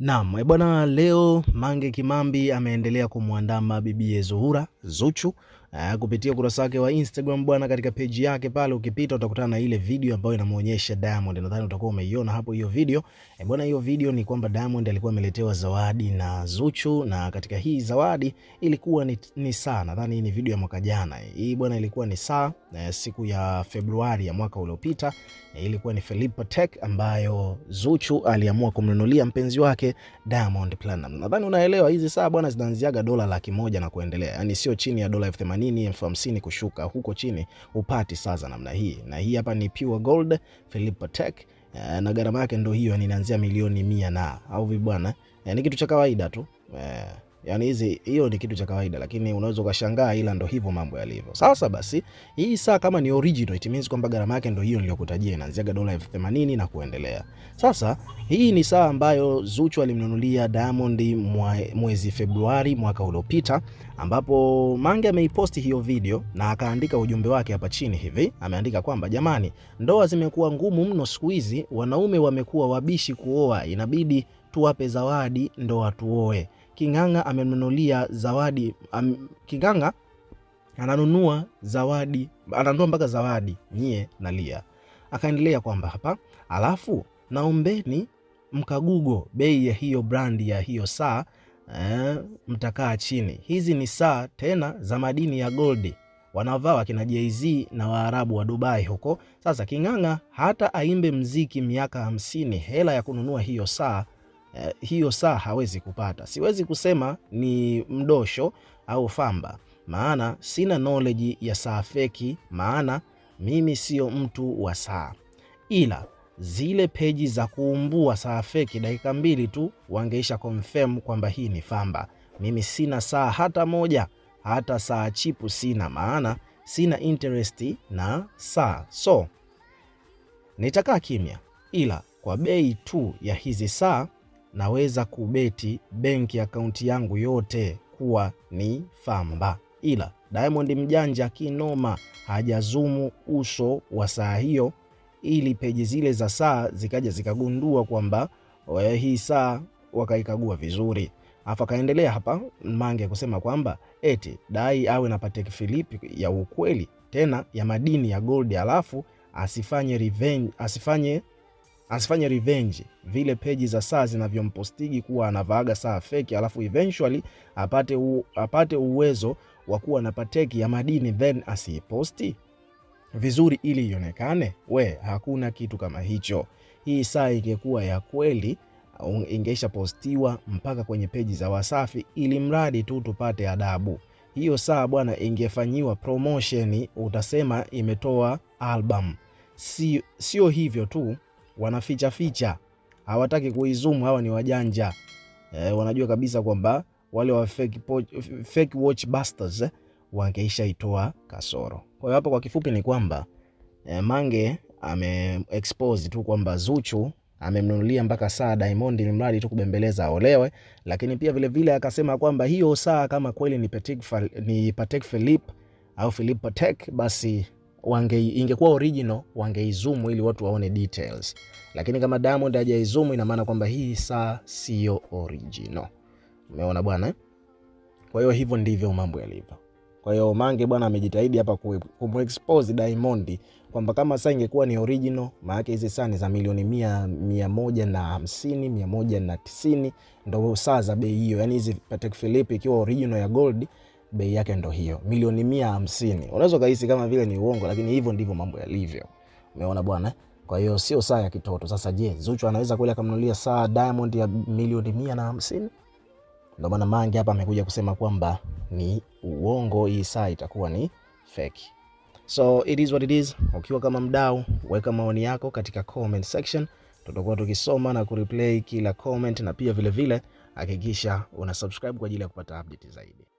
Naam, eh, bwana, leo Mange Kimambi ameendelea kumwandama mabibie Zuhura Zuchu Uh, kupitia ukurasa wake wa Instagram bwana, katika page yake pale ukipita utakutana na ile video ambayo inamuonyesha Diamond. Nadhani utakuwa umeiona hapo hiyo video. E, bwana hiyo video ni kwamba Diamond alikuwa ameletewa zawadi na Zuchu na katika hii zawadi ilikuwa ni, ni saa. Nadhani hii ni video ya mwaka jana. Hii bwana ilikuwa ni saa eh, siku ya Februari ya mwaka uliopita. E, ilikuwa ni Felipa Tech ambayo Zuchu aliamua kumnunulia mpenzi wake Diamond Platinum. Nadhani unaelewa hizi saa bwana zinaanziaga dola laki moja na kuendelea. Yaani sio chini ya dola elfu 80 elfu hamsini kushuka huko chini upati saa za namna hii, na hii hapa ni pure gold Philip Patek eh, na gharama yake ndo hiyo, inaanzia milioni mia na au vibwana, eh, ni kitu cha kawaida tu. Eh, Yani hizi hiyo ni kitu cha kawaida, lakini unaweza ukashangaa, ila ndo hivyo mambo yalivyo. Sasa basi, hii saa kama ni original, it means kwamba gharama yake ndo hiyo niliyokutajia, inaanziaga dola elfu themanini na kuendelea. Sasa hii ni saa ambayo Zuchu alimnunulia Diamond mwezi Februari mwaka uliopita, ambapo Mange ameiposti hiyo video na akaandika ujumbe wake hapa chini hivi, ameandika kwamba jamani, ndoa zimekuwa ngumu mno siku hizi, wanaume wamekuwa wabishi kuoa, inabidi tuwape zawadi ndo watuoe King'ang'a amemnunulia zawadi am, King'ang'a ananunua zawadi, ananunua mpaka zawadi. Nyie Lia. Akaendelea kwamba hapa, alafu naombeni mkagugo bei ya hiyo brandi ya hiyo saa eh, mtakaa chini. Hizi ni saa tena za madini ya goldi wanavaa wakina Jay-Z na Waarabu wa Dubai huko. Sasa King'ang'a hata aimbe mziki miaka hamsini, hela ya kununua hiyo saa Eh, hiyo saa hawezi kupata. Siwezi kusema ni mdosho au famba, maana sina knowledge ya saa feki, maana mimi sio mtu wa saa, ila zile peji za kuumbua saa feki dakika mbili tu wangeisha confirm kwamba hii ni famba. Mimi sina saa hata moja, hata saa chipu sina, maana sina interest na saa, so nitakaa kimya, ila kwa bei tu ya hizi saa naweza kubeti benki akaunti yangu yote kuwa ni famba, ila Diamond mjanja kinoma hajazumu uso wa saa hiyo, ili peji zile za saa zikaja zikagundua kwamba eh, hii saa, wakaikagua vizuri. Afu akaendelea hapa Mange kusema kwamba eti dai awe na Patek Philippe ya ukweli tena ya madini ya gold, alafu asifanye revenge, asifanye asifanye revenge vile peji za saa zinavyompostigi kuwa anavaaga saa feki, alafu eventually apate, u, apate uwezo wa kuwa na pateki ya madini then asiiposti vizuri ili ionekane. We, hakuna kitu kama hicho. Hii saa ingekuwa ya kweli ingeisha postiwa mpaka kwenye peji za Wasafi, ili mradi tu tupate adabu. Hiyo saa bwana, ingefanyiwa promotion, utasema imetoa album. Sio, sio hivyo tu wanaficha ficha, hawataki kuizumu. Hawa ni wajanja e, wanajua kabisa kwamba wale wa fake, fake watch busters eh, itoa kasoro. Kwa hiyo hapo kwa kifupi ni kwamba eh, Mange ame expose tu kwamba Zuchu amemnunulia mpaka saa Diamond ni mradi tu kubembeleza aolewe, lakini pia vilevile vile akasema kwamba hiyo saa kama kweli ni Patek, ni Patek Philippe au Philippe Patek basi wange ingekuwa original wangeizumu ili watu waone details, lakini kama Diamond hajaizumu ina maana kwamba hii saa sio original. Umeona bwana? Eh? Kwa hiyo hivyo ndivyo mambo yalivyo. Kwa hiyo Mange bwana amejitahidi hapa kumexpose Diamond kwamba kama saa ingekuwa ni original, maana hizi saa ni za milioni mia, mia moja na hamsini, mia moja na tisini, ndo saa za bei hiyo. Yani hizi Patek Philippe ikiwa original ya gold bei yake ndo hiyo milioni mia hamsini. Unaweza ukahisi kama vile ni uongo, lakini hivyo ndivyo mambo yalivyo. Umeona bwana. Kwa hiyo sio saa ya kitoto. Sasa je, Zuchu anaweza kweli akamnunulia saa Diamond ya milioni mia na hamsini? Ndio maana Mange hapa amekuja kusema kwamba ni uongo, hii saa itakuwa ni fake. So it is what it is. Ukiwa kama mdau, weka maoni yako katika comment section, tutakuwa tukisoma na kureplay kila comment, na pia vilevile hakikisha vile, una subscribe kwa ajili ya kupata update zaidi.